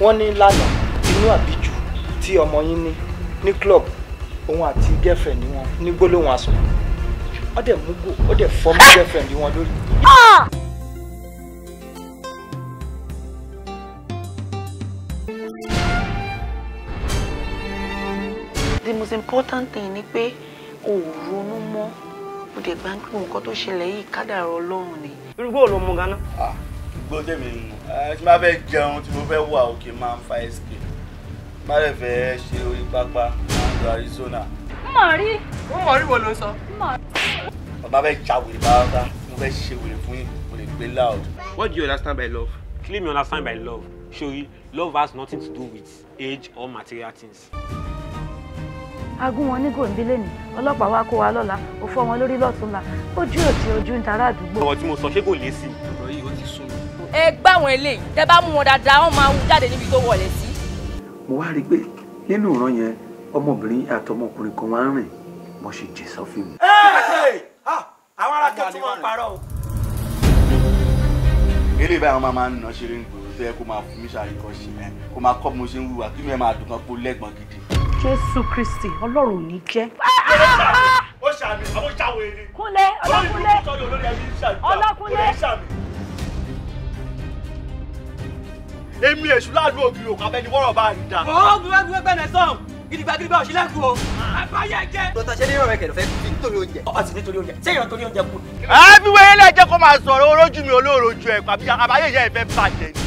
wọ́n ní lánàá inú àbíjù tí ọmọ yín ní ní club òun àti girlfriend ni wọn ní gbólóhùn aṣọ ó dẹ̀ múgò ó dẹ̀ fọ́ mú girlfriend wọn lórí. the most important thing ni pé o ò ronú mọ́ o dẹ̀ gbà pé nǹkan tó ṣẹlẹ̀ yìí kádàrá Ọlọ́run ni. irúgbó ò ló mú ganan. Ah gbó tèmi mu tí máa fẹ́ jẹun tí mo fẹ́ wà òkè máa ń fa sk má lè fẹ́ ṣe orí pápá máa ń lọ Arizona. mo mọ̀ rí. mo mọ̀ rí wo ló sọ. bàbá fẹ́ ja wèrè mo fẹ́ ṣe wèrè fún yín gbé loud. what do you understand by love? clean me understand by love sori love has nothing to do with age or material things. agún wọn ní gòǹdílé ni ọlọ́pàá wa kó wa lọ́la ò fọ́ wọn lórí lọ́túnla ojú òtí ojú ń tara àdúgbò. ọ̀rọ̀ tí mo sọ ṣé kò lé sí i. ọ̀rọ̀ yìí ó ti sún mi ẹ gbá àwọn eléyìí tẹ bá mú wọn dáadáa wọn máa jáde níbi tó wọlé sí. mo wá rí i pé nínú ìran yẹn ọmọbìnrin àtọmọkùnrin kan wá ń rìn mo ṣe jẹ sọfíìmù. Ah! àwọn ará kẹtù máa ń parọ́ báyìí wọn máa ń ná ṣeré nígboro tó yẹ kó máa fún mi ṣàríkọ ṣe ẹ kó máa kọ́ bí mo ṣe ń wúwa kí mi máa dùn kan kó lẹ́gbọ̀n gidi. jésù kristi ọlọ́run ní jẹ́. ó ṣàmì àwọn ìṣàwọ̀ èmi èṣù láàdú ògiri òkú abẹ́ni wọ́rọ̀ bá rí da. ó gbígbẹ́ gbígbẹ́ gbẹ́nẹ̀ sàn gidigba gidigba òṣìlẹ̀ kù o. àbáyé jẹ́. lọ́tà ṣe ní ìrọ̀rẹ́ kẹ̀lẹ́fẹ́ nítorí oúnjẹ. ọ ti nítorí oúnjẹ ṣé ìrọ̀ oúnjẹ kù. àbí wẹ́yẹ́lẹ̀ jẹ́ kó máa sọ̀rọ̀ olójú mi olóòrò ju ẹ̀kọ́ àbí àbáyé ẹ̀ fẹ́ bàjẹ́ ni.